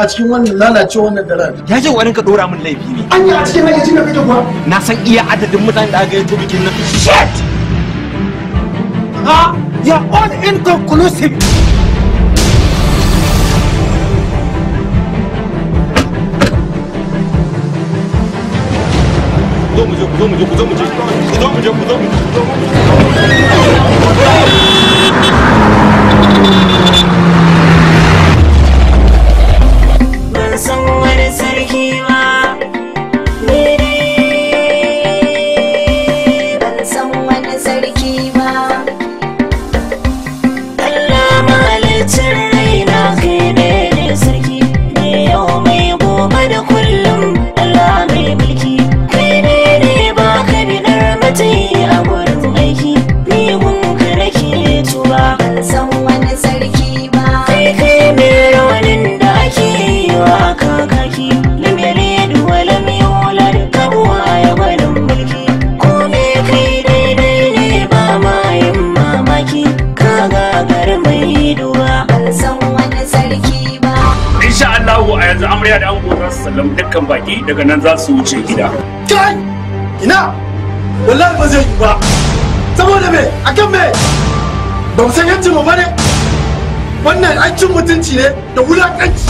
a cikin wannan lalace wannan daren. Ya ce wani ka dora min laifi ne. Anya a cikin hayyacin cikin kake kuwa. Na san iya adadin mutane da aka yi to bikin nan. Shit! Ha? Ya all inconclusive. Zo mu je, zo mu je, zo mu je, zo mu je, zo mu je, zo mu je. samun dukkan baki daga nan za su wuce gida. Kai! Ina! Wallahi ba zai yi ba! Saboda me? Akan me? Ba mu san yancin mu ba ne? Wannan an cin mutunci ne da wulakanci.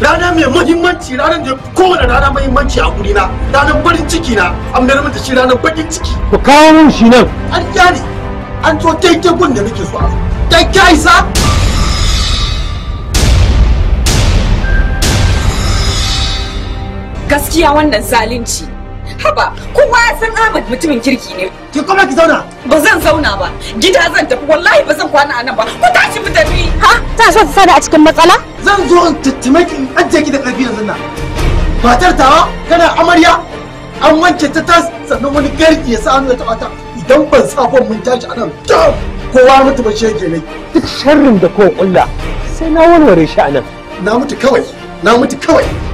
Rana mai muhimmanci ranar da kowane rana muhimmanci a gurina ranar farin ciki na an mayar mata shi ranar bakin ciki. Ku kawo mun shi nan. An kyale an zo daidai gun da nake so a zo. Daidai sa. gaskiya wannan zalunci haba kowa ya san Ahmad mutumin kirki ne ki kuma ki zauna ba zan zauna ba gida zan tafi wallahi ba zan kwana a nan ba ku tashi mu tafi ha ta so ta sani a cikin matsala zan zo in tattume ki in ajiye ki da karfi yanzu nan matar tawa kana amarya an wanke ta tas sannan wani garki ya sa hannu ya tabbata. ta idan ban sa mun tashi a nan kowa mutu ba shege ne duk sharrin da kowa kulla sai na warware shi anan. na mutu kawai na mutu kawai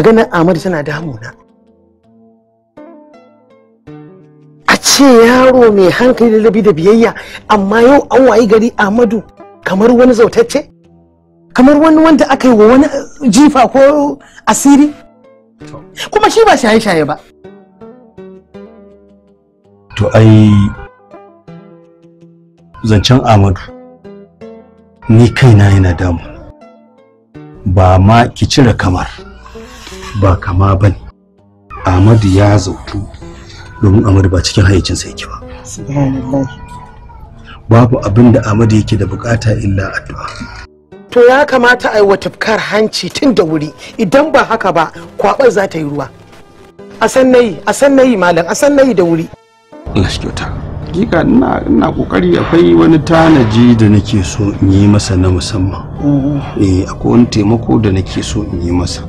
maganar Ahmad tana damuna. A ce yaro mai hankali da labi da biyayya amma yau an wayi gari Ahmadu kamar wani zautacce? Kamar wani wanda aka yi wa wani jifa ko asiri? Kuma shi ba shaye-shaye ba. To ai zancen Ahmadu ni kaina yana damu ba ma ki cire kamar. ba kama ba ne ahmadu ya zautu domin ahmadu ba cikin hayyacinsa yake ba babu abin da ahmadu yake da bukata illa addu'a to ya kamata a yi wa tafkar hanci tun da wuri idan ba haka ba kwabar za ta yi ruwa a san nayi a san nayi malam a san nayi da wuri Allah shi kyauta hakika ina ina kokari akwai wani tanaji da nake so in yi masa na musamman mm-hmm. eh akwai wani taimako da nake so in yi masa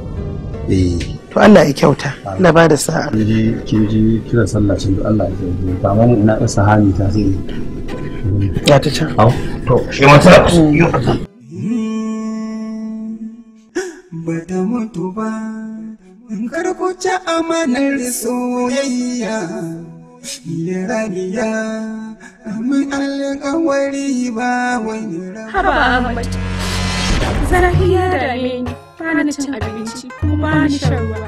Eh. to Allah ya kyauta na ba da sa'a kin ji kira sallah shi to Allah ya kyauta ba ma ina da sahani ta zai ya ta can to shi ma mm. hmm. ta ba da mutu ba in karko ta amanar soyayya Liraniya, amin alƙawari ba wani rawa. Haba Ahmad, zarafi ya dame ni. ba na cin abinci ko ba ni shan ruwa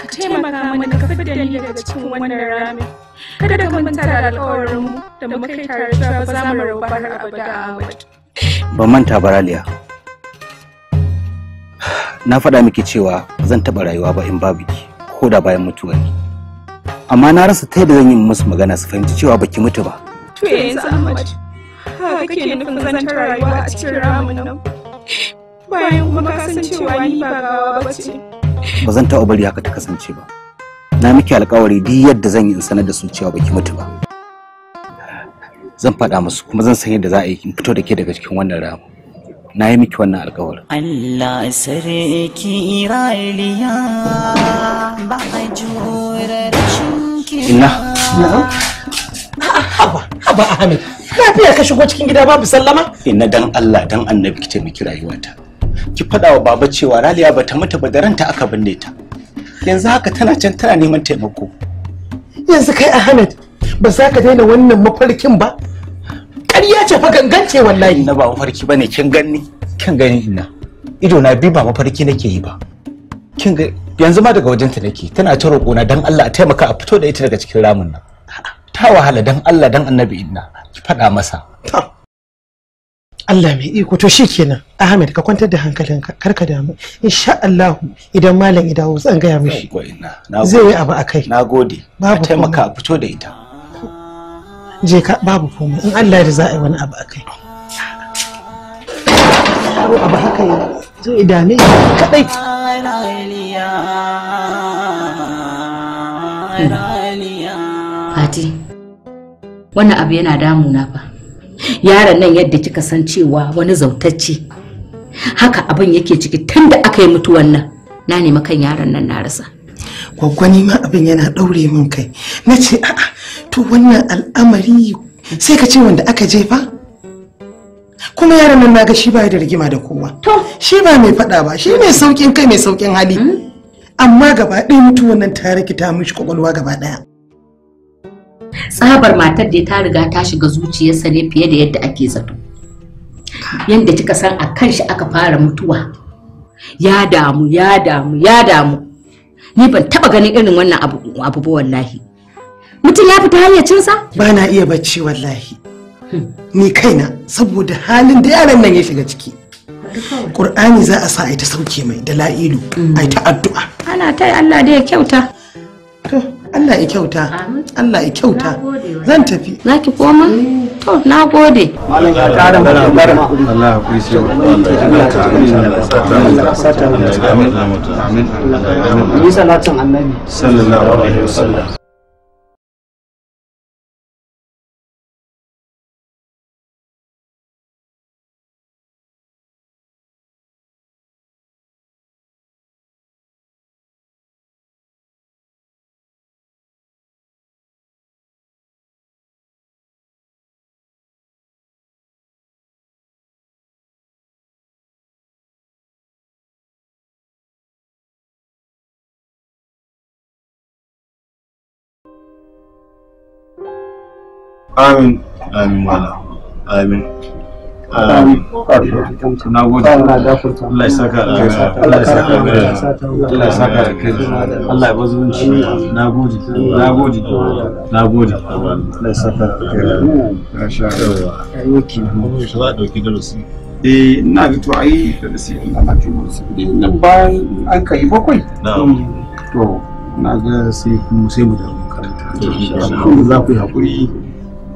ka taimaka mana ka fidda ni daga cikin wannan ramin kada ka manta da alƙawarin mu da mu kai tare da ba za mu rabu har abada Ahmad ban manta ba Raliya na faɗa miki cewa zan taɓa rayuwa ba in babu ki ko da bayan mutuwa ne amma na rasa ta yadda zan yi musu magana su fahimci cewa baki mutu ba to yanzu Ahmad haka kake nufin zantar rayuwa a cikin ramin nan bayan kuma kasancewa ni ba gawa ba ce ba zan taɓa bari haka ta kasance ba na miki alkawari duk yadda zan yi in sanar da su cewa baki mutu ba zan faɗa musu kuma zan san yadda za a yi in fito da ke daga cikin wannan ramu na yi miki wannan alkawarin Allah sarki Iraliya ba a jura inna ina haba haba Ahmed lafiya ka shigo cikin gida babu sallama ina dan Allah dan annabi kice miki rayuwata ki faɗa wa baba cewa raliya ba ta mutu ba da ranta aka binne ta yanzu haka tana can tana neman taimako yanzu kai ahmed ba za ka daina wannan mafarkin ba ƙarya ce fa gangance wallahi na ba mafarki bane kin ganni kin gani ina ido na bi ba mafarki nake yi ba kin ga yanzu ma daga wajenta nake tana ta roƙo na dan Allah a taimaka a fito da ita daga cikin ramin nan ta wahala dan Allah dan annabi inna ki faɗa masa Allah mai iko to shi kenan Ahmed ka kwantar da hankalinka kar ka damu insha Allah idan malam ya dawo zan gaya mishi zai yi abu akai nagode babu taimaka fito da ita je ka babu komai in Allah da za a yi wani abu akai abu abu haka ya zo idame kadai Fati, wannan abu yana damuna fa. yaron nan yadda kika san cewa wani zautacce haka abin yake ciki tun da aka yi mutuwan nan na nemi kan yaron nan na rasa gwaggwani ma abin yana ɗaure min kai na ce a'a to wannan al'amari sai ka ce wanda aka jefa kuma yaron nan na ga shi ba da rigima da kowa shi ba mai faɗa ba shi mai saukin kai mai saukin hali hmm? amma gaba ɗaya mutuwan nan ta rikita mishi kwakwalwa gaba ɗaya tsabar matar da ya ta riga ta shiga zuciyarsa ne fiye da yadda ake zato yadda kika san a kan shi aka fara mutuwa ya damu ya damu ya damu ni ban taba ganin irin wannan abu ba wallahi mutum ya fita hayyacinsa ba na iya bacci wallahi ni kaina saboda halin da yaran nan ya shiga ciki Kur'ani za a sa a ta sauke mai da la'ilu a ta addu'a ana ta Allah da ya kyauta Allah ya kyauta Allah ya kyauta zan tafi za koma to na gode malam ya mu amin amin wala amin na gode Allah ya saka Allah ya saka Allah ya saka Allah ya bazunci na gode na gode na gode Allah ya saka ya sha Allah ayyuki ne shi za dauki darasi eh na ga to ai darasi Allah ya ji nan bayan an kai bakwai to na ga sai mu sai mu da makaranta za ku yi hakuri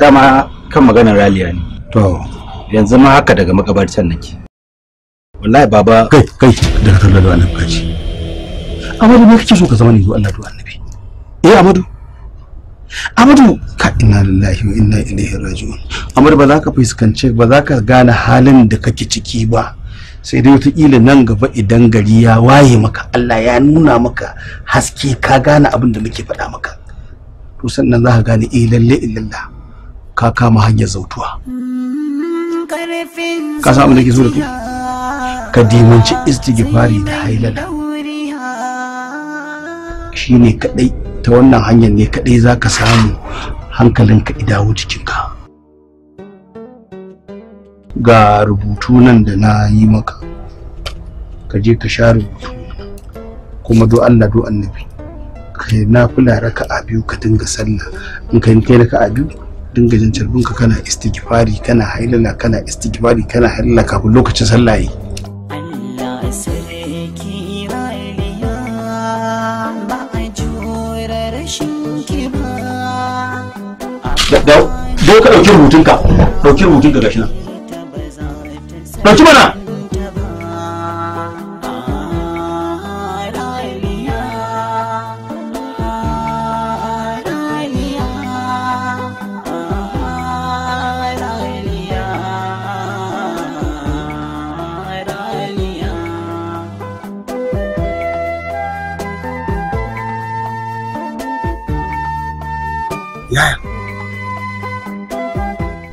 dama kan maganar raliya ne to yanzu ma haka daga makabarcin nake wallahi baba kai kai da ka da annabi kaci amadu me kake so ka zama ni zuwa Allah to annabi eh amadu amadu ka inna lillahi wa inna ilaihi raji'un amadu ba za ka fuskanci ba za ka gane halin da kake ciki ba sai dai wataƙila nan gaba idan gari ya waye maka Allah ya nuna maka haske ka gane abin da muke faɗa maka to sannan za ka gane eh lalle illallah ka kama hanyar zautuwa ka samu da ke so da ka dimanci istighfari da hailala shine kadai ta wannan hanyar ne kadai zaka samu hankalinka idawo ka ga rubutu nan da na yi maka ka je ka sha rubutu kuma do Allah do annabi kai na kula raka a biyu ka dinga sallah in ka kai raka a biyu dinga jin carbin ka kana istighfari kana hailala kana istighfari kana hailala kafin lokacin sallah yi Allah sarki raliya ba a da da ka dauki rubutunka dauki rubutunka gashi nan ɗauki mana yaya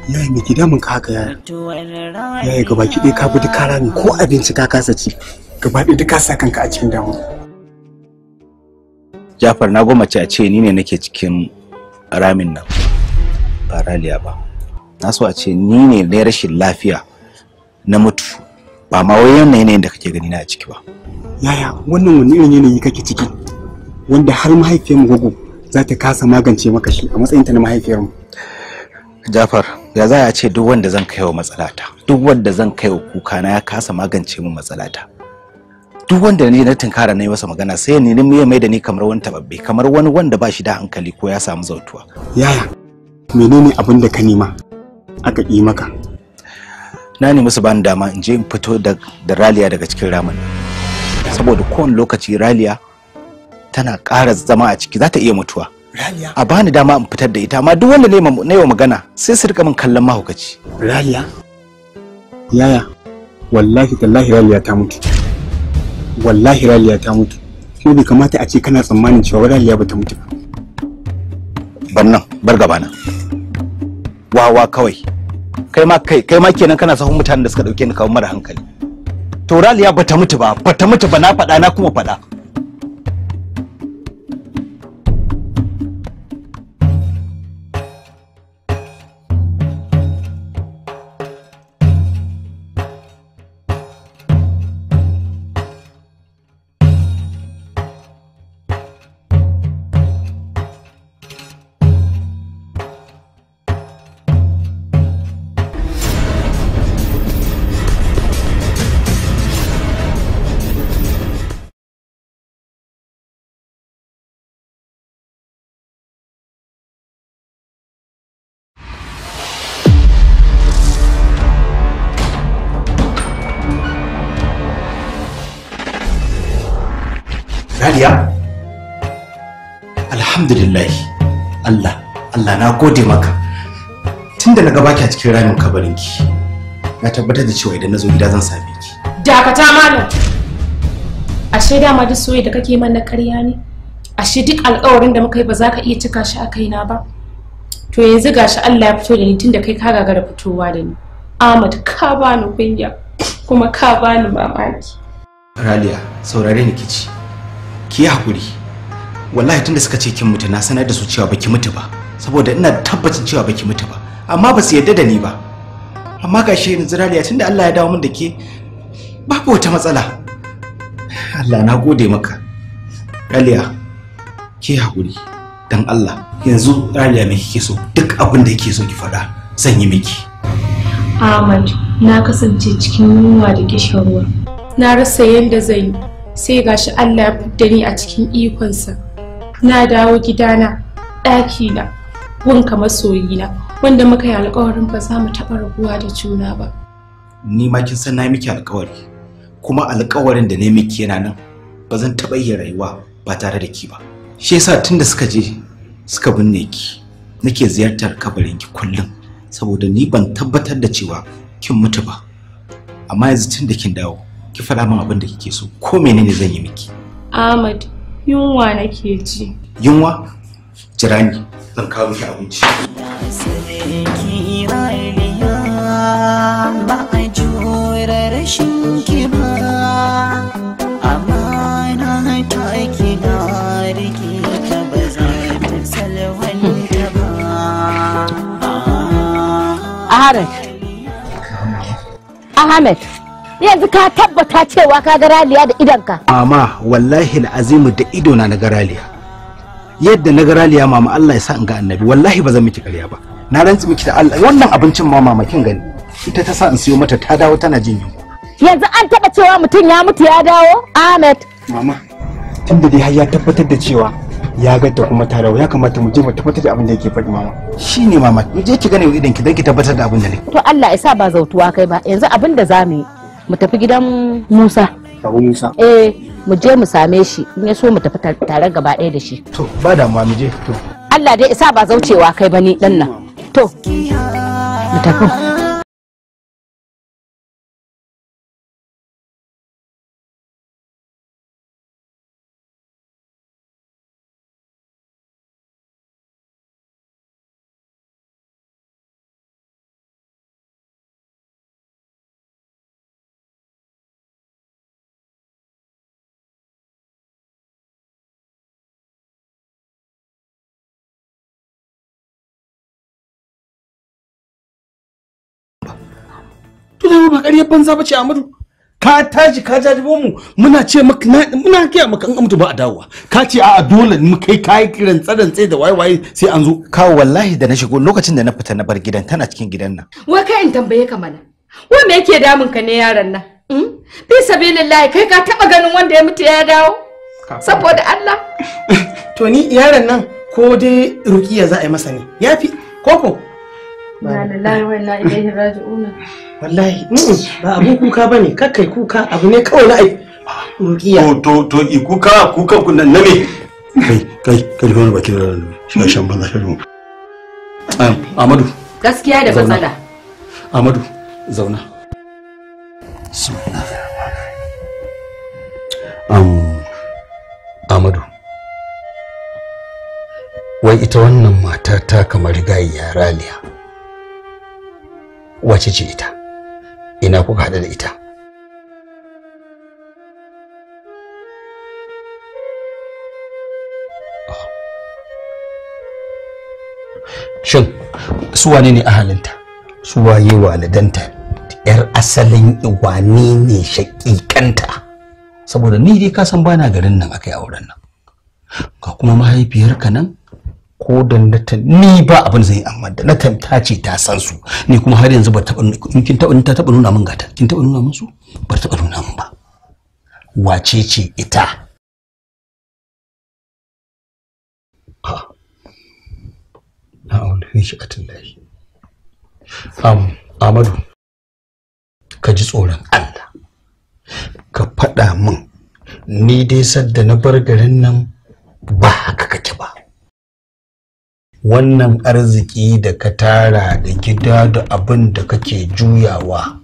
yayi me ke damun ka haka yaya yayi gaba ki dai ka bi duk kara ne ko abinci ka kasa ci gaba ɗaya duk ka sa kanka a cikin damu Jafar na gwamnati a ce ni ne nake cikin ramin nan ba raliya ba na so a ce ni ne na rashin lafiya na mutu ba ma wai wannan yanayin da kake gani na a ciki ba yaya wannan wani irin yanayi kake ciki wanda har mahaifiyar mu gogo za ta kasa magance maka shi a matsayinta na mahaifiyar mu Jafar ya za a ce duk wanda zan kaiwa matsalata duk wanda zan kaiwa kuka na ya kasa magance mu matsalata duk wanda ni na tunkara na yi masa magana sai ya nemi ya mai da ni kamar wani tababbe kamar wani wanda ba shi da hankali ko ya samu zautuwa yaya menene abin da ka nema aka yi maka na nemi su bani dama in je in fito da raliya daga cikin ramin saboda kowane lokaci raliya tana ƙara zama a ciki za ta iya mutuwa Raliya. A bani dama in fitar da ita amma duk wanda na yi wa magana sai su rika min kallon mahaukaci. Raliya. Yaya. Wallahi tallahi Raliya ta mutu. Wallahi Raliya ta mutu. Kuma bai kamata a ce kana tsammanin cewa Raliya ba ta mutu ba. Bannan bar gaba na. Wawa kawai. Kai ma kai kai ma kenan kana sahun mutanen da suka dauke ni kawo mara hankali. To Raliya ba ta mutu ba, ba ta mutu ba na faɗa na kuma faɗa. alhamdulillah Allah Allah na gode maka tunda na gabaki a cikin ramin kabarin ki, na tabbatar da cewa idan na zo gida zan same ki dakata malam ashe da ma duk soyayya da kake na ƙarya ne ashe duk alƙawarin da muka yi ba za ka iya cika shi a kaina ba to yanzu gashi Allah ya fito da ni tunda kai ka gagara fitowa da ni Ahmad ka bani kunya kuma ka bani mamaki Raliya saurare ni kici ki hakuri wallahi tunda suka ce kin mutu na sanar da su cewa baki mutu ba saboda ina tabbacin cewa baki mutu ba amma ba su yadda da ni ba amma gashi yanzu raliya tunda Allah ya dawo min da ke babu wata matsala Allah na gode maka raliya ke hakuri dan Allah yanzu raliya me kike so duk abin da kike so ki faɗa zan yi miki Ahmad na kasance cikin yunwa da kishiyarwa. na rasa yadda zan yi sai gashi Allah ya fitar ni a cikin ikonsa na dawo gidana ɗakina wanka masoyina wanda muka yi alkawarin ba za mu taɓa rabuwa da juna ba ni ma kin san na miki alkawari kuma alkawarin da ne miki yana nan ba zan taɓa iya rayuwa ba tare da ki ba shi yasa tunda suka je suka binne ki nake ziyartar kabarin ki kullum saboda ni ban tabbatar da cewa kin mutu ba amma yanzu tun da kin dawo ki faɗa min abin da kike so ko menene zan yi miki Ahmad Yunwa nake ji. Yunwa? Jira ni, zan kawo miki abinci. Ahmed. Ahmed. yanzu ka tabbata cewa ka ga raliya da idanka mama wallahi azimu da ido na ga raliya yadda na ga raliya mama Allah ya sa in ga annabi wallahi ba zan miki ƙarya ba na rantsi miki da Allah wannan abincin ma mamakin gani ita ta sa in siyo mata ta dawo tana jin yunwa yanzu an taba cewa mutum ya mutu ya dawo Ahmed mama tunda dai har ya tabbatar da cewa ya ta kuma ta rawa ya kamata mu je mu tabbatar da abin da yake faɗi mama shine mama mu je ki gane idan ki dan ki tabbatar da abin da ne to Allah ya sa ba zautuwa kai ba yanzu abin da zamu yi mu tafi gidan Musa. Abu Musa. Eh, mu je mu same shi in ya so mu tafi tare gaba ɗaya da shi. To, ba damuwa mu je. To. Allah dai isa ba zaucewa kai bane dan nan. To. Mu tafi. kuma ba ƙaryar banza ba ce Amadu ka taji ka jajibo mu muna ce maka muna kiya maka an amtu ba a dawowa ka ce a dole mu kai kai kiran tsadan tsaye da waye sai an zo ka wallahi da na shigo lokacin da na fita na bar gidan tana cikin gidan nan wai kai in tambaye ka mana wai me yake damun ka ne yaron nan hmm? fi sabilillahi kai ka taba ganin wanda ya mutu ya dawo saboda Allah to ni yaron nan ko dai ruqiya za a yi masa ne yafi koko wallahi mm, ba abun kuka ba ne kakai kuka abu ne kawai na ai rukiya to to i kuka kuka kun nan ne kai kai kai wani baki da shi shan banza shi Amadu gaskiya da matsala Amadu zauna um, Amadu wai ita wannan mata ta kamar gayi yaraliya wace ce ita ina kuka haɗu da ita shin su ne ahalinta su waye walidanta yar asalin iwani ne shakikanta saboda ni dai ka san bana garin nan akai auren nan ga kuma mahaifiyarka nan ko da na ni ba abin zai amma da na ta ce ta san su ni kuma har yanzu ba taba kin taba ta taba nuna min gata kin taba nuna min su ba taba nuna min ba wace ce ita na aure shi atullahi am amadu ka ji tsoron Allah ka faɗa min ni dai sadda na bar garin nan ba haka kake ba wannan arziki da ka tara da gida da abin da kake juyawa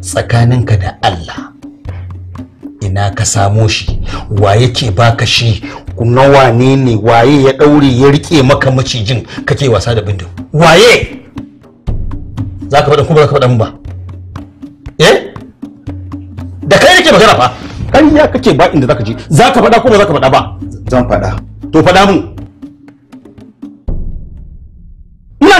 tsakaninka da Allah ina ka samo shi wa yake baka shi kuma wane ne waye ya ɗaure ya rike maka macijin kake wasa da bindin waye za ka faɗin kuma za ka faɗin ba eh da kai nake magana fa ya kake ba inda za ka je za ka faɗa kuma za ka faɗa ba zan faɗa to faɗa mun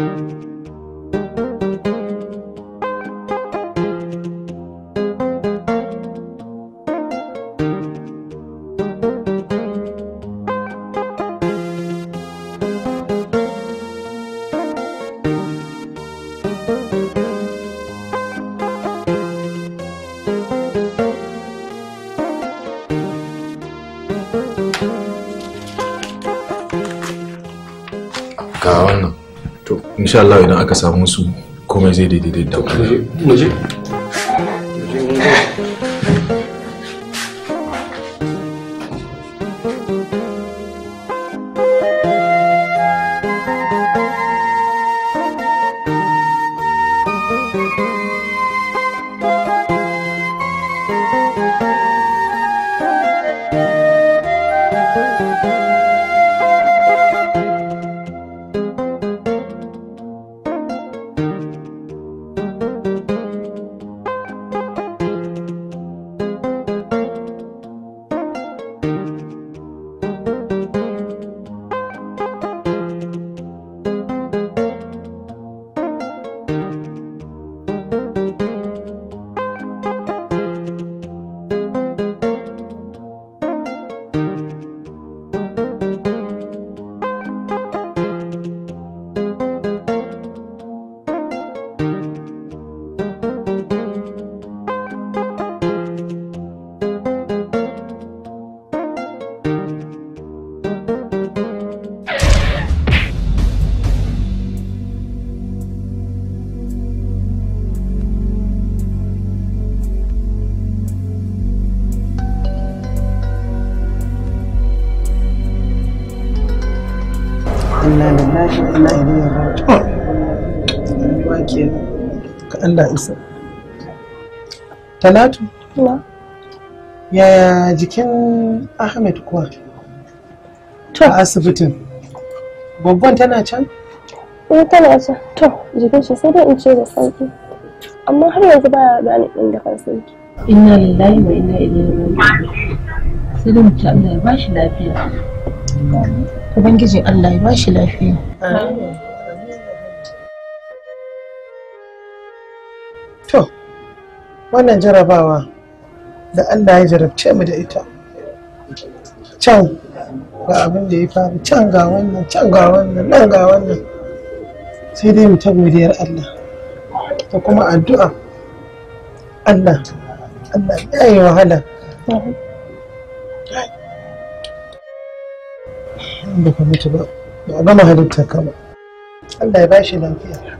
Thank you. insha Allah idan aka samu su komai zai daidai da Allah isa talatu yaya jikin ahmed kuwa to a asibitin babban tana can in eh, tana can to jikin shi sai dai in ce da sauki amma har yanzu ba ya gane din da kan sauki inna lillahi wa inna ilaihi raji'un sai dai mutum Allah ya bashi lafiya ubangiji Allah ya bashi lafiya amin wannan jarabawa da Allah ya jarabce mu da ita can ga abin da ya faru can ga wannan can ga wannan nan ga wannan sai dai mu ta godiyar Allah da kuma addu'a Allah Allah ya yi wahala ba ka mutu ba ba gama halitta kama Allah ya bashi lafiya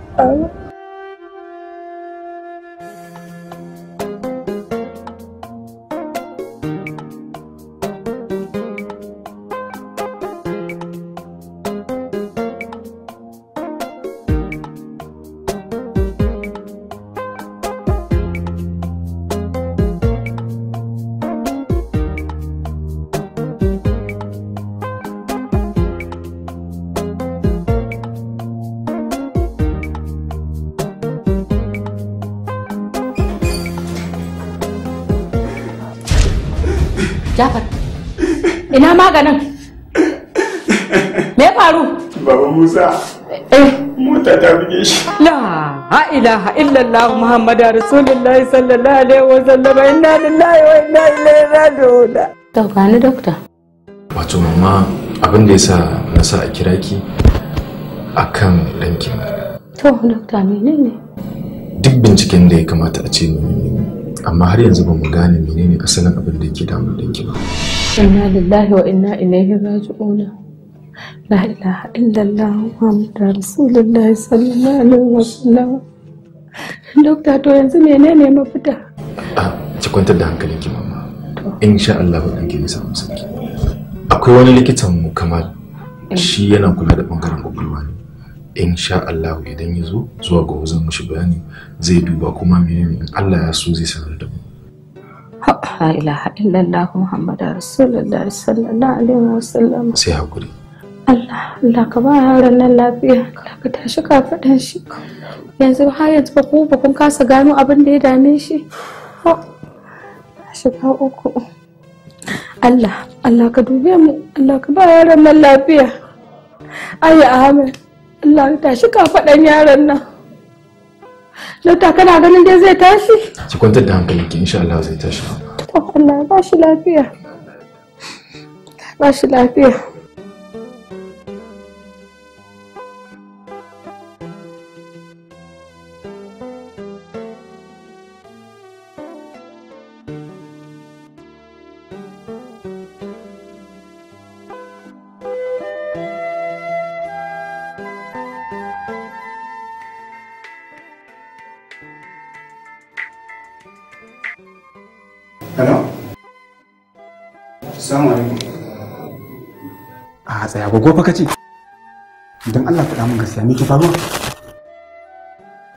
Musa. Eh. Mota ta buge shi. La ilaha illallah Muhammadu Rasulullahi sallallahu alaihi wa sallam inna lillahi wa inna ilaihi raji'un. To gani dokta. Wato mama abin da yasa na sa a kira ki akan danki To dokta menene? Duk binciken da ya kamata a ce menene amma har yanzu ba mu gane menene asalin abin da yake damun danki ba. Inna lillahi wa inna ilaihi raji'un. la ilaha illallah muhammadu rasulullahi sallallahu alaihi wasallam dokta to yanzu menene mafita ah, ki kwantar da hankalinki mama insha Allah ɗanki zai samu sauki akwai wani likitan mu kamal eh. shi yana kula da bangaren kwakwalwa ne insha idan ya zo zuwa gobe zan mushi bayani zai duba kuma menene Allah ya so zai sanar da mu la ilaha illallah muhammadu rasulullahi sallallahu alaihi wasallam sai hakuri Allah Allah ka ba haran nan lafiya ka tashi ka kafaɗan shi yanzu har yanzu ba ku ba kun kasa gano abin da ya dame shi shiga uku Allah Allah ka dube mu Allah ka ba yaron nan lafiya ayi Ahmed Allah ka tashi ka kafaɗan yaron nan Lauta kana ganin dai zai tashi? Ki kwantar da hankali ki insha Allah zai tashi. Allah ba shi lafiya. Ba shi lafiya. hello assalamu alaikum a tsaya gogo fa kace don Allah faɗa min gaskiya me ke faruwa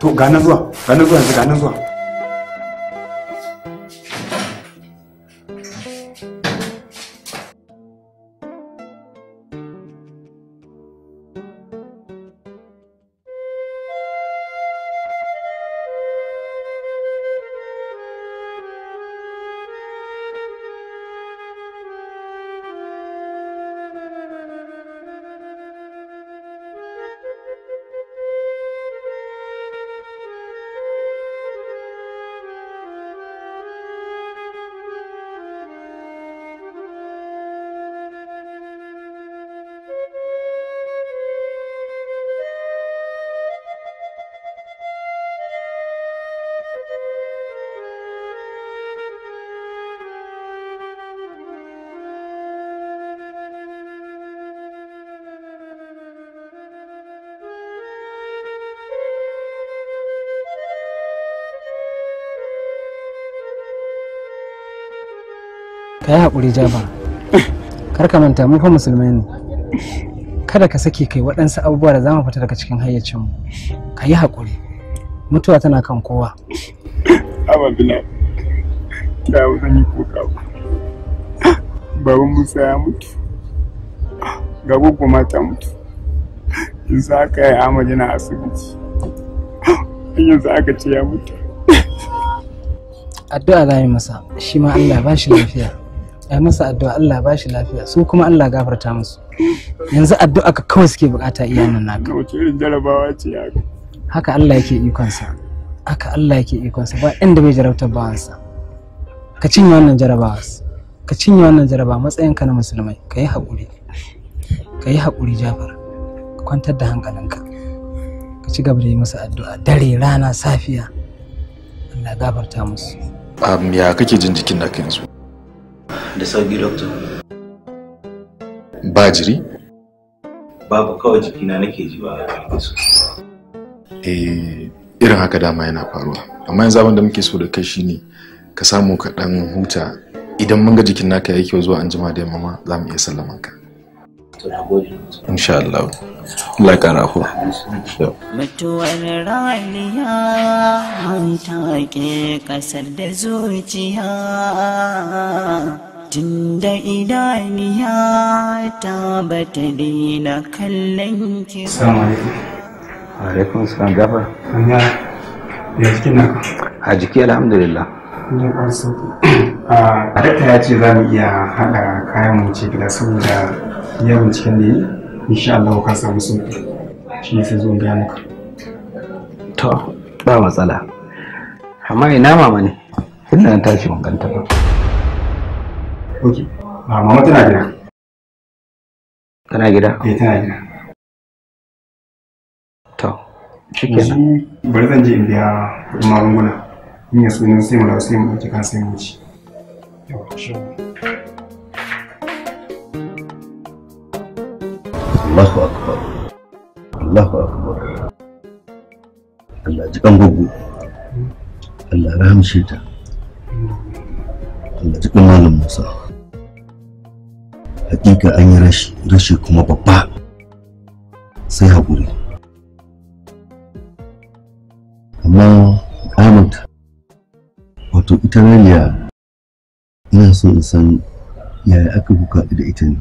to ga na zuwa ga na zuwa ga na zuwa ka yi haƙuri jafar kar ka manta mu fa musulmai ne kada ka sake kai waɗansu abubuwa da za mu fita daga cikin hayyacinmu ka yi haƙuri mutuwa tana kan kowa ababila ta zan yi kuka baban musa ya mutu ga gugu mata mutu yanzu aka yi amaji na asibiti yanzu aka ce ya mutu addu'a za yi masa shi ma allah ba shi lafiya ai masa addu'a Allah ba shi lafiya su kuma Allah gafarta musu yanzu addu'a ka kawai suke bukata iyanan naka wace irin jarabawa ce haka haka Allah yake ikon sa haka Allah yake ikon sa ba inda bai jarabta sa, ka cinye wannan jarabawa ka cinye wannan jaraba matsayin ka na musulmai ka yi hakuri, ka yi hakuri Jafar ka kwantar da hankalinka ka ci gaba da yi masa addu'a dare rana safiya Allah gafarta musu ya kake jin jikin naka yanzu da sauki doctor ba jiri babu kawai jikina nake ji ba eh irin haka dama yana faruwa amma yanzu abin da muke so da kai shine ka samu ka dan huta idan mun ga jikin naka yake zuwa an jima da yamma za mu iya sallaman ka insha Allah Allah ka rafu mutuwar raliya mun take kasar da zuciya tunda idaniya ta bata daina kallon ki salamu alaikum alaikum salam gafar ya ya jikin naka a jiki alhamdulillah a dakta ah, ya ce za mu iya haɗa kayan mu ce gida saboda yawan cikin da insha Allah ka samu su shi ne sai zo gaya maka to ba matsala amma ina mama ne ina tashi wankan ganta ba ok ba mama tana gida tana gida eh tana gida to bari zan je in biya kuɗin magunguna in ya sunan sai mu sai mu ɗauki kan sai mu yawa shi Allahu akbar Allahu akbar Allah ji kan gugu Allah rahamshe ta Allah ji kan malam Musa hakika an yi rashi rashi kuma babba sai haƙuri amma ahmad wato ita ina so in san yaya aka buka da ita ne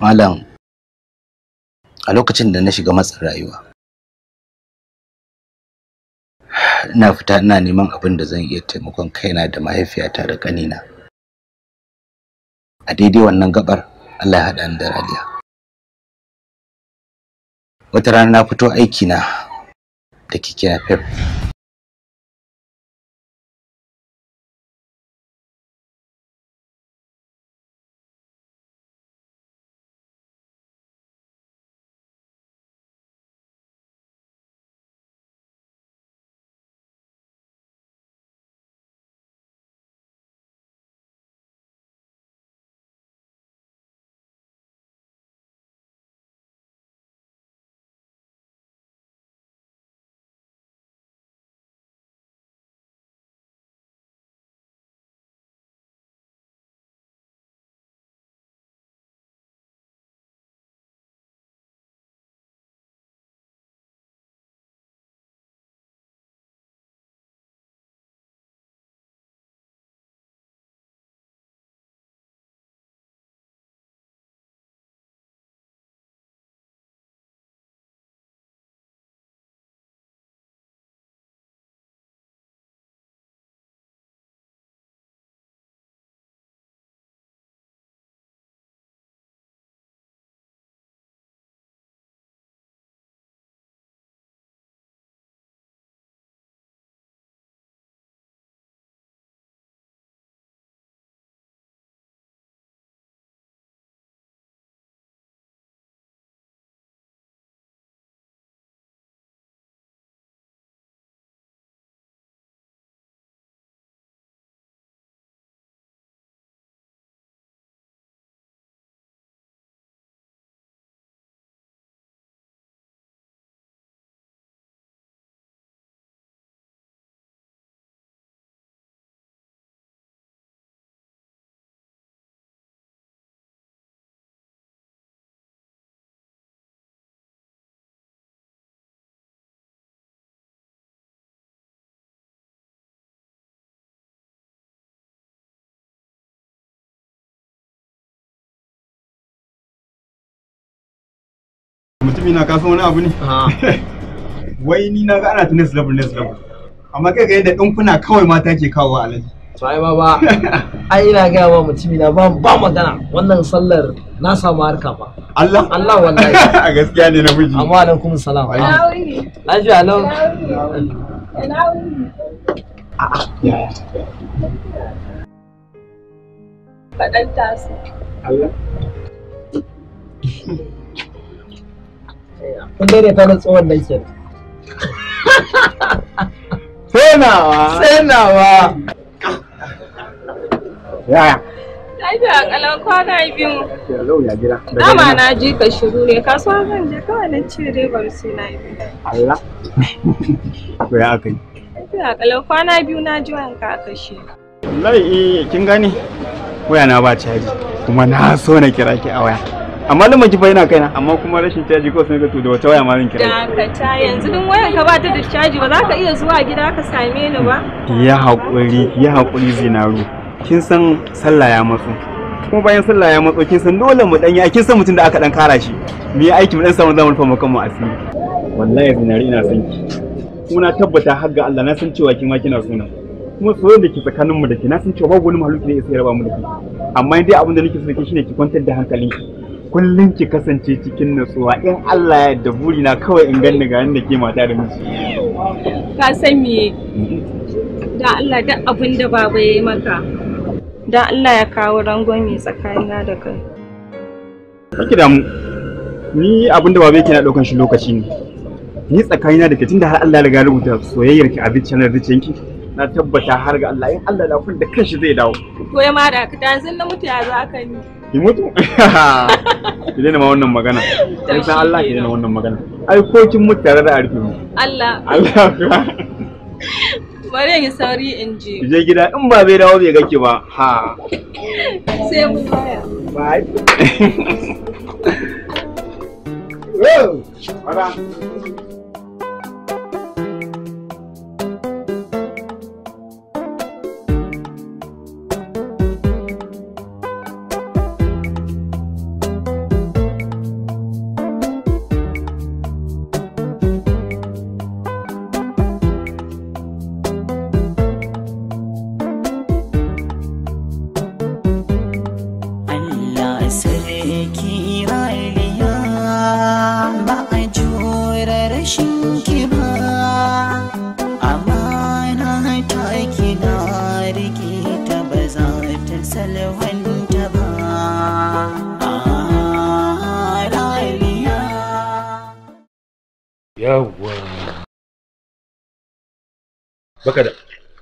malam a lokacin da na shiga matsin rayuwa ina fita ina neman abin da zan iya taimakon kaina da mahaifiyata da ƙanina a daidai wannan gabar Allah ya haɗa ni da radiya wata rana na fito aiki na da kike na fef murtumi na kafin wani abu ne ah. wai ni na ga ana ta next level next level amma kai ga yadda ɗinkuna kawai mata ke kawo alaji sai ba ba ai ina ga wa mutumi na ba magana wannan sallar na samu harka ba Allah Allah wallahi a gaskiya ne na miji amma alaikum salam lafiya lau a'a faɗan tasu Allah kun daidaita da tsohon nan kenan tsenawa tsenawa yaya Lafiya kalau kwana biyu. Yau Dama na ji ka shiru ne kasuwa zan je kawai na ce ribar sai na yi. Allah. To ya aka yi. Lafiya kalau kwana biyu na ji wanka aka shi. Wallahi eh kin gani waya na ba caji kuma na so na kira ki a waya. amma lamar ki fa yana kaina amma kuma rashin caji ko sai ka to da wata waya ma zan kira dakata yanzu duk wayan ka ba ta da caji ba za ka iya zuwa gida ka same ni ba ya hakuri ya hakuri zinaru kin san sallah ya matsu kuma bayan sallah ya matso kin san dole mu dan ya kin san mutum da aka dan kara shi mu yi aiki mu dan samu zamu rufa mu kanmu asiri wallahi zinari ina son ki kuma na tabbata har ga Allah na san cewa kin ma kina suna kuma soyayya da ke tsakanin mu da ke na san cewa babu wani mahaluki da ya sayar ba mu da ki amma dai abin da nake so da shine ki kwantar da hankalinki kullum ki kasance cikin nutsuwa in Allah ya buri burina kawai in ganni ga da ke mata da miji ka san me da Allah duk abin da baba yayi maka da Allah ya kawo rangon mai tsakanina da kai kike da mu ni abin da baba yake na daukan shi lokaci ne ni tsakanina da ke tunda har Allah ya riga rubuta soyayyar ki a zuciyar ki na tabbata har ga Allah in Allah da kun da kanshi zai dawo to ya ma da ka sun na mutu ya za ka ni ki mutu ki dena ma wannan magana sai san Allah ki dena wannan magana ai ko kin mutu tare da arfi mu Allah Allah bari in sauri in je je gida in ba bai dawo bai ki ba ha sai mu tsaya bye Whoa! baka da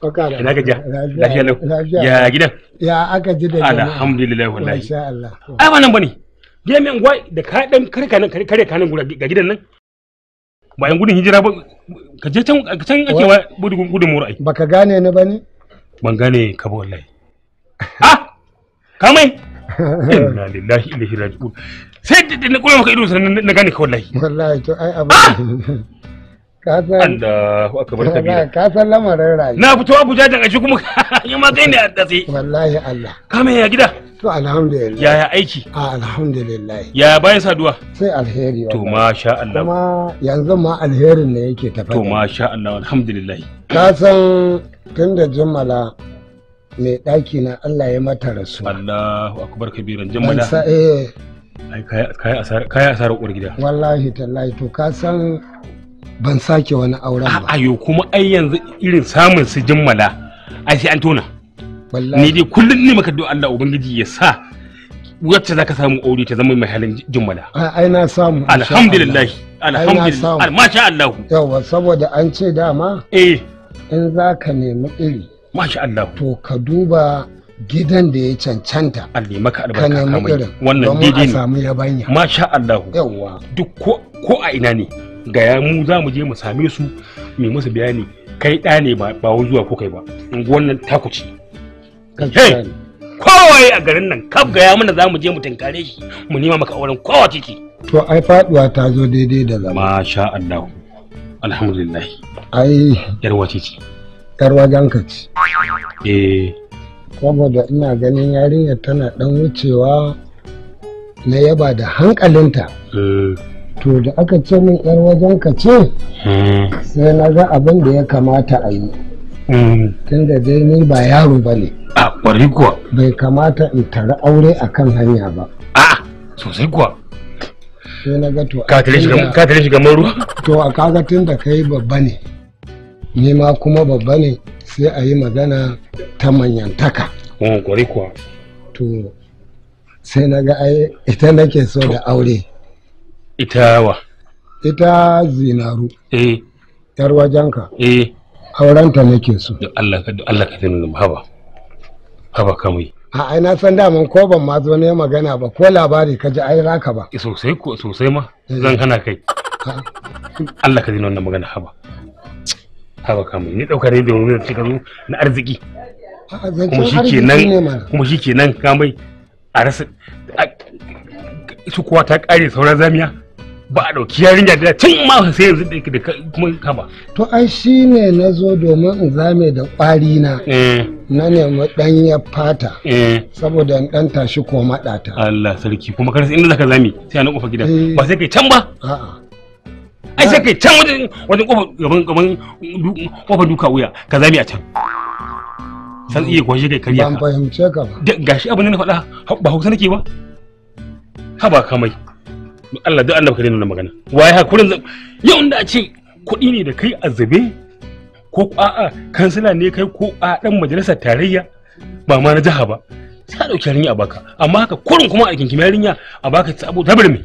baka da ina gajiya lafiya lau ya gidan ya aka ji da alhamdulillah wallahi insha Allah ai bane da ka dan karka nan kare ka nan ga gidan nan gudun hijira ba ka je can can ake wa gudun gudun mura ai baka gane ni bane ban gane ka ba wallahi ah kamai inna lillahi ilaihi raji'un sai da na kula maka ido sannan na gane ka wallahi wallahi to ai abin Allahu akbar kabira. Ka san lamarin rayu. Na fito Abuja da gashi kuma yi ma kai ne a datse. Wallahi Allah. Ka mai ya gida? To alhamdulillah. Yaya aiki? A alhamdulillah. Yaya bayan saduwa? Sai alheri. To sha Allah. Kuma yanzu ma alherin ne yake tafa. To sha Allah alhamdulillah. Ka san da Jummala mai ɗaki na Allah ya mata rasu. Allahu akbar kabiran Jummala. Eh. Ai kaya asara uwar gida. Wallahi tallahi to ka san ban sake wani auren ba ayo kuma ai yanzu irin samun su jimmala ai sai an tona ni dai kullum ne maka don Allah ubangiji ya sa wacce zaka samu aure ta zama mai halin jimmala ai na samu alhamdulillah alhamdulillah masha Allah yawa saboda an ce dama eh in zaka nemi iri masha Allah to ka duba gidan da ya cancanta Allah maka albarka kamar wannan daidai ne samu yabanya masha Allah yawa duk ko a ina ne gaya mu za mu je mu same su mai musu bayani kai ɗa ne ba wani zuwa ko kai ba Wannan nan taku ce kowaye a garin nan kaf gaya mana za mu je mu tinkare shi mu nema maka auren kowa ciki to ai faduwa ta zo daidai da zama sha Allah alhamdulillah ai yarwa ce yarwa ganka ce eh saboda ina ganin yarinyar tana dan wucewa na yaba da hankalinta eh. to da aka ce min yar wajen ka ce hmm. sai na ga abin da ya kamata a yi hmm. tunda dai ni ba yaro ba ne a ƙwari kuwa bai kamata in tara aure a kan hanya ba a sosai kuwa sai na ga to ka tare shiga maru ruwa to a kaga tunda kai babba ne ni ma kuma babba ne sai a yi magana ta manyantaka hmm, ƙwari kuwa to sai na ga ita nake so da aure ita wa ita zinaru eh yar wajenka eh aurenta nake so duk Allah ka Allah ka tana mu haba haba kamai a ai na san mun ko ban ma zo ne magana ba ko labari ka ji ai raka ba eh, sosai ko sosai ma zan hana kai Allah ka zina wannan magana haba haba kamai ni dauka ne da wani da zo na arziki kuma shikenan kuma shikenan kamai a rasa su kuwa ta kare sauran zamiya ba a ɗauki yarinya da can ma sai yanzu da kuma kama. To ai shi ne na zo domin in zame da ƙwari na. Eh. Na nemi ya fata. Eh. Saboda in ɗan tashi ko maɗata. Allah sarki kuma kar inda zaka zame sai a nan ƙofar gidan eh. ba sai kai can ba. A'a. Ai sai kai can wajen wajen ƙofar gaban gaban ƙofar duka wuya ka zame a can. San iya kwashe kai kariya ka. Ban fahimce ka ba. Gashi abin da na faɗa ba Hausa nake ba. ba kamai. Allah duk annabi ka nuna magana wai hakurin yau inda a ce kuɗi ne da kai a zube ko a'a kansila ne kai ko a dan majalisar tarayya ba ma na jiha ba sai a ɗauki yarinya a baka amma haka kurin kuma a kinkimi yarinya a baka ta abu ta birni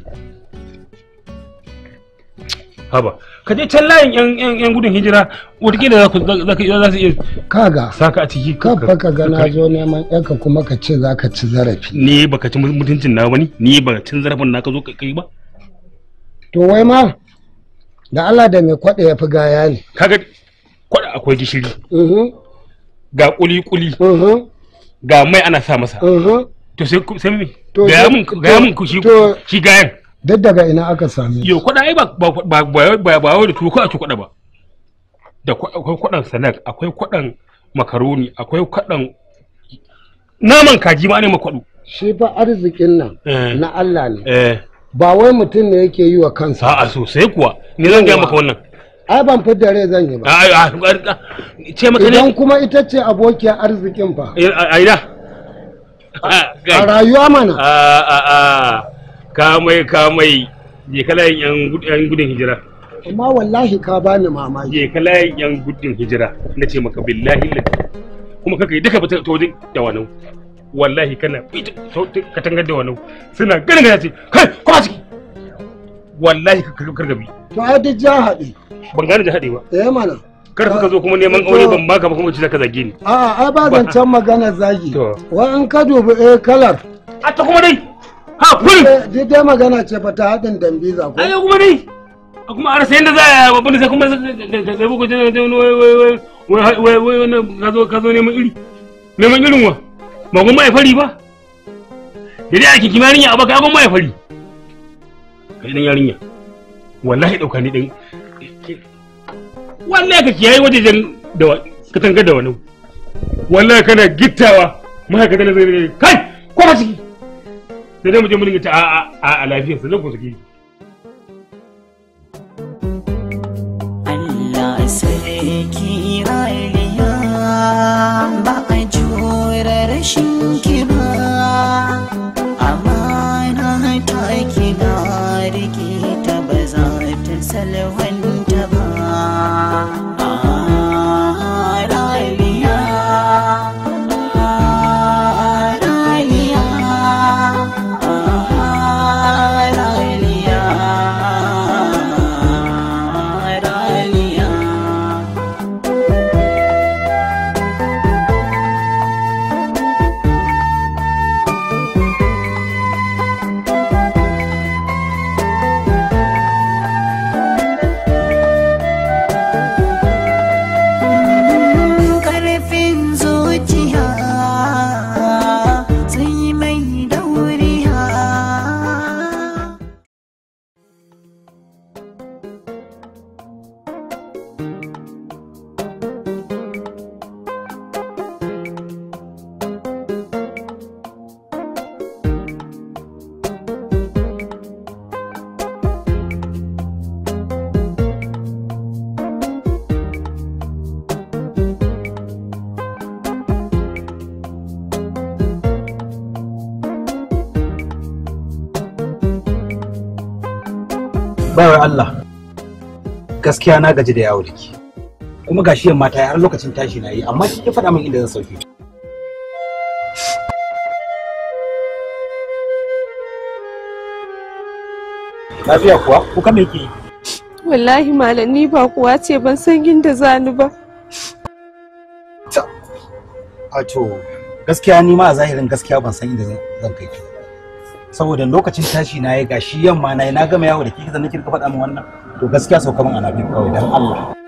haba ka je can layin yan yan gudun hijira wataƙila za ku za su iya kaga saka a ciki ka faka ga na zo neman yanka kuma ka ce za ka ci zarafi ni baka ci mutuncin na wani ni baka cin zarafin na ka zo ka kai ba to wai ma da Allah da mai kwada ya fi gaya ne kaga kwaɗa akwai gishiri mhm. ga kuli-kuli mhm. ga mai ana sa masa mhm. to sai me gaya mun ga mun shi gayan duk daga ina aka same yo kwaɗa ai ba ba ba ba da tuwo ko a ci kwaɗa ba da akwai kwadan sanak akwai kwadan makaroni akwai kwadan naman kaji ma ne makwaɗu shi fa arzikin nan eh. na Allah ne eh. ba wai mutum ne yake yi wa kansa a'a sosai kuwa ni zan gaya maka wannan ai ban fidda rai zan yi ba ce maka ne idan kuma ita ce abokiyar arzikin fa aida eh, ah, a rayuwa mana a ah, a ah, kamai kamai je kala yan gudun hijira amma wallahi ka bani mamaki je kala yan gudun hijira na ce maka billahi kuma kaka yi duka fita ta wajen dawanau wallahi kana ka katangar da wani suna ganin ya ce kai kuma ciki wallahi ka kargabi to ai duk ja haɗe ban gane ja haɗe ba eh mana kar ka zo kuma neman aure ban baka ba kuma ci zaka zage ni a'a ai ba can magana zagi wa an ka dubi eh kalar a ta kuma dai ha kun dai dai magana ce fa ta haɗin dambiza ko ai kuma dai A kuma arsa yanda za a babban sai kuma da bugu wai wai wai wai wai wai wai wai ka wai wai wai neman irin ba gun mai fari ba da dai ake kima yarinya baka gun mai fari kai dan yarinya wallahi dauka ni din wallahi ka kiyaye wajejen da ka tangar da wani wallahi kana gittawa mahaikata na zai kai ko ba ciki sai dai mu je mu ta a a lafiyar sa zan ku Allah sai da rashin kiba amana ta kina rike ta ba za ta salwani baiwar Allah gaskiya na gaji da yawo da ke kuma gashi yamma ta har lokacin tashi na yi amma shi ya faɗa min inda zan sauke lafiya kuwa ku kame ki wallahi malam ni ba kuwa ce ban san inda zani ba a to gaskiya ni ma a zahirin gaskiya ban san inda zan kai ki saboda lokacin tashi na ya gashi yamma na na gama yawo da kika zanna kirka faɗa min wannan to gaskiya sauka min anabin kawai dan Allah